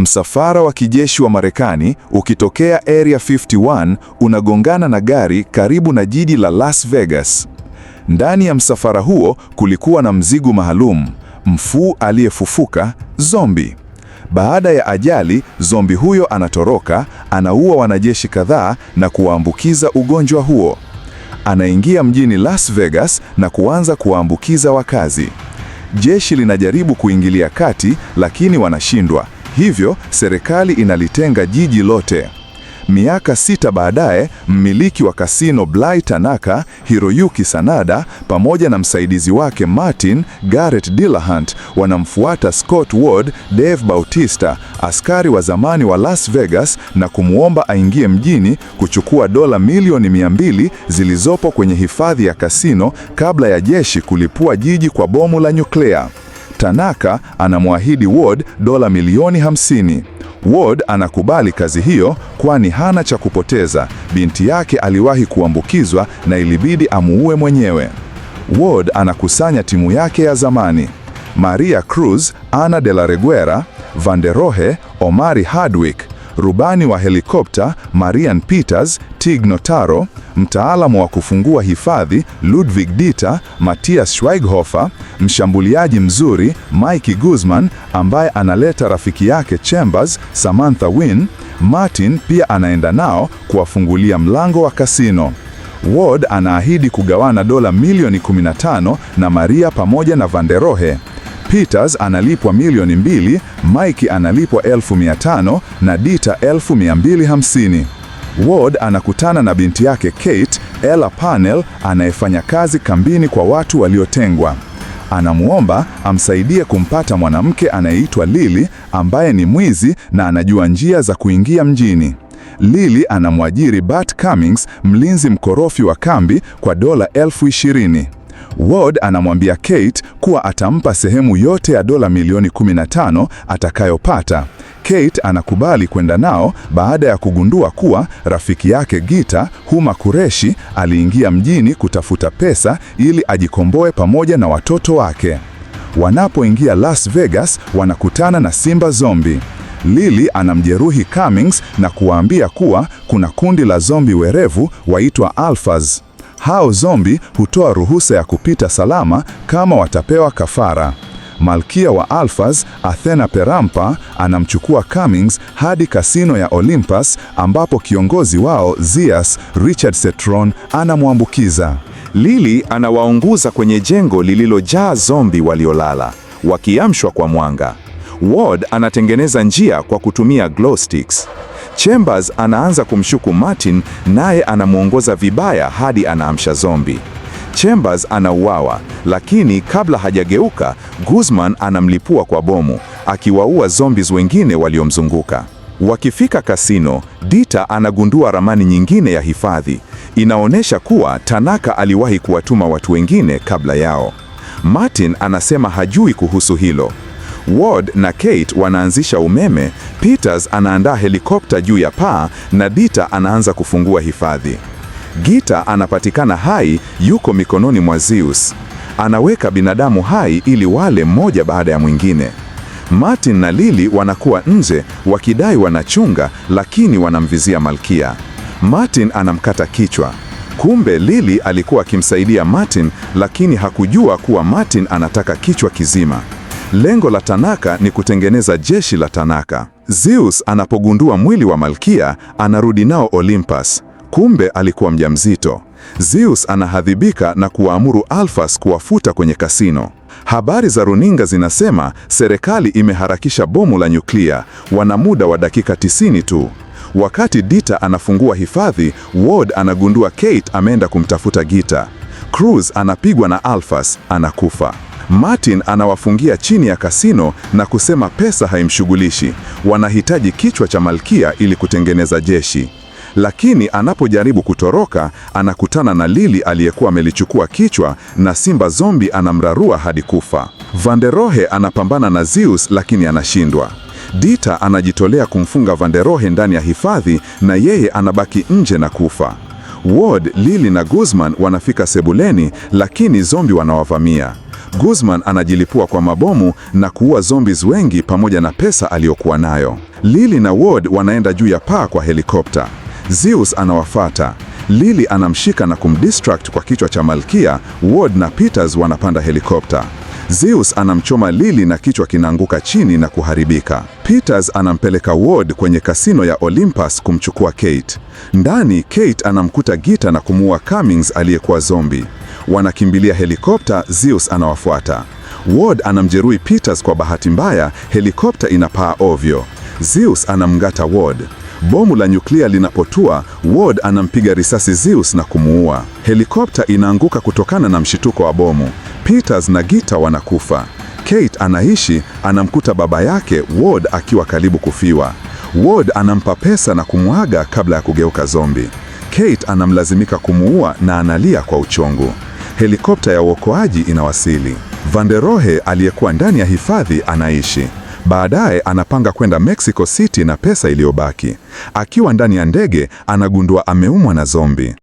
Msafara wa kijeshi wa Marekani ukitokea Area 51 unagongana na gari karibu na jiji la Las Vegas. Ndani ya msafara huo kulikuwa na mzigo maalum, mfuu aliyefufuka zombi. Baada ya ajali, zombi huyo anatoroka, anaua wanajeshi kadhaa na kuwaambukiza ugonjwa huo. Anaingia mjini Las Vegas na kuanza kuwaambukiza wakazi. Jeshi linajaribu kuingilia kati, lakini wanashindwa. Hivyo serikali inalitenga jiji lote. Miaka sita baadaye, mmiliki wa kasino Bly Tanaka, Hiroyuki Sanada, pamoja na msaidizi wake Martin Garrett Dillahunt wanamfuata Scott Ward, Dave Bautista, askari wa zamani wa Las Vegas na kumwomba aingie mjini kuchukua dola milioni mbili zilizopo kwenye hifadhi ya kasino kabla ya jeshi kulipua jiji kwa bomu la nyuklea. Tanaka anamwahidi Ward dola milioni 50. Ward anakubali kazi hiyo kwani hana cha kupoteza. Binti yake aliwahi kuambukizwa na ilibidi amuue mwenyewe. Ward anakusanya timu yake ya zamani. Maria Cruz, Ana de la Reguera, Vanderohe, Omari Hardwick Rubani wa helikopta Marian Peters Tig Notaro, mtaalamu wa kufungua hifadhi Ludwig Dieter Matthias Schweighofer, mshambuliaji mzuri Mike Guzman ambaye analeta rafiki yake Chambers Samantha Wynn. Martin pia anaenda nao kuwafungulia mlango wa kasino. Ward anaahidi kugawana dola milioni 15 na Maria pamoja na Vanderohe. Peters analipwa milioni mbili, Mike analipwa elfu mia tano na Dita elfu mia mbili hamsini. Ward anakutana na binti yake Kate, Ella Parnell, anayefanya kazi kambini kwa watu waliotengwa. Anamwomba amsaidie kumpata mwanamke anayeitwa Lily ambaye ni mwizi na anajua njia za kuingia mjini. Lily anamwajiri Bart Cummings, mlinzi mkorofi wa kambi, kwa dola elfu ishirini. Ward anamwambia Kate kuwa atampa sehemu yote ya dola milioni 15 atakayopata. Kate anakubali kwenda nao baada ya kugundua kuwa rafiki yake Gita Huma Kureshi aliingia mjini kutafuta pesa ili ajikomboe pamoja na watoto wake. Wanapoingia Las Vegas, wanakutana na Simba Zombi. Lily anamjeruhi Cummings na kuwaambia kuwa kuna kundi la zombi werevu waitwa Alphas. Hao zombi hutoa ruhusa ya kupita salama kama watapewa kafara. Malkia wa Alphas, Athena Perampa, anamchukua Cummings hadi kasino ya Olympus ambapo kiongozi wao zias Richard Setron, anamwambukiza. Lily anawaunguza kwenye jengo lililojaa zombi waliolala, wakiamshwa kwa mwanga. Ward anatengeneza njia kwa kutumia glow sticks. Chambers anaanza kumshuku Martin, naye anamwongoza vibaya hadi anaamsha zombi. Chambers anauawa, lakini kabla hajageuka, Guzman anamlipua kwa bomu, akiwaua zombies wengine waliomzunguka. Wakifika kasino, Dita anagundua ramani nyingine ya hifadhi. Inaonyesha kuwa Tanaka aliwahi kuwatuma watu wengine kabla yao. Martin anasema hajui kuhusu hilo. Ward na Kate wanaanzisha umeme, Peters anaandaa helikopta juu ya paa na Dita anaanza kufungua hifadhi. Gita anapatikana hai, yuko mikononi mwa Zeus. Anaweka binadamu hai ili wale mmoja baada ya mwingine. Martin na Lily wanakuwa nje wakidai wanachunga, lakini wanamvizia Malkia. Martin anamkata kichwa. Kumbe Lily alikuwa akimsaidia Martin, lakini hakujua kuwa Martin anataka kichwa kizima. Lengo la Tanaka ni kutengeneza jeshi la Tanaka. Zeus anapogundua mwili wa Malkia, anarudi nao Olympus. Kumbe alikuwa mjamzito. Zeus anahadhibika na kuwaamuru Alphas kuwafuta kwenye kasino. Habari za runinga zinasema serikali imeharakisha bomu la nyuklia, wana muda wa dakika 90 tu. Wakati Dita anafungua hifadhi, Ward anagundua Kate ameenda kumtafuta Gita. Cruz anapigwa na Alphas, anakufa. Martin anawafungia chini ya kasino na kusema pesa haimshughulishi, wanahitaji kichwa cha malkia ili kutengeneza jeshi. Lakini anapojaribu kutoroka, anakutana na Lili aliyekuwa amelichukua kichwa na simba zombi anamrarua hadi kufa. Vanderohe anapambana na Zeus lakini anashindwa. Dita anajitolea kumfunga Vanderohe ndani ya hifadhi na yeye anabaki nje na kufa. Ward, Lili na Guzman wanafika sebuleni lakini zombi wanawavamia. Guzman anajilipua kwa mabomu na kuua zombies wengi pamoja na pesa aliyokuwa nayo. Lily na Ward wanaenda juu ya paa kwa helikopta. Zeus anawafata. Lily anamshika na kumdistract kwa kichwa cha Malkia. Ward na Peters wanapanda helikopta. Zeus anamchoma Lily na kichwa kinaanguka chini na kuharibika. Peters anampeleka Ward kwenye kasino ya Olympus kumchukua Kate. Ndani Kate anamkuta Gita na kumuua Cummings aliyekuwa zombi. Wanakimbilia helikopta, Zeus anawafuata. Ward anamjeruhi Peters kwa bahati mbaya, helikopta inapaa ovyo. Zeus anamngata Ward. Bomu la nyuklia linapotua, Ward anampiga risasi Zeus na kumuua. Helikopta inaanguka kutokana na mshituko wa bomu. Peters na Gita wanakufa. Kate anaishi, anamkuta baba yake Ward akiwa karibu kufiwa. Ward anampa pesa na kumwaga kabla ya kugeuka zombi. Kate anamlazimika kumuua na analia kwa uchungu helikopta ya uokoaji inawasili. Van der Rohe aliyekuwa ndani ya hifadhi anaishi. Baadaye anapanga kwenda Mexico City na pesa iliyobaki. Akiwa ndani ya ndege, anagundua ameumwa na zombi.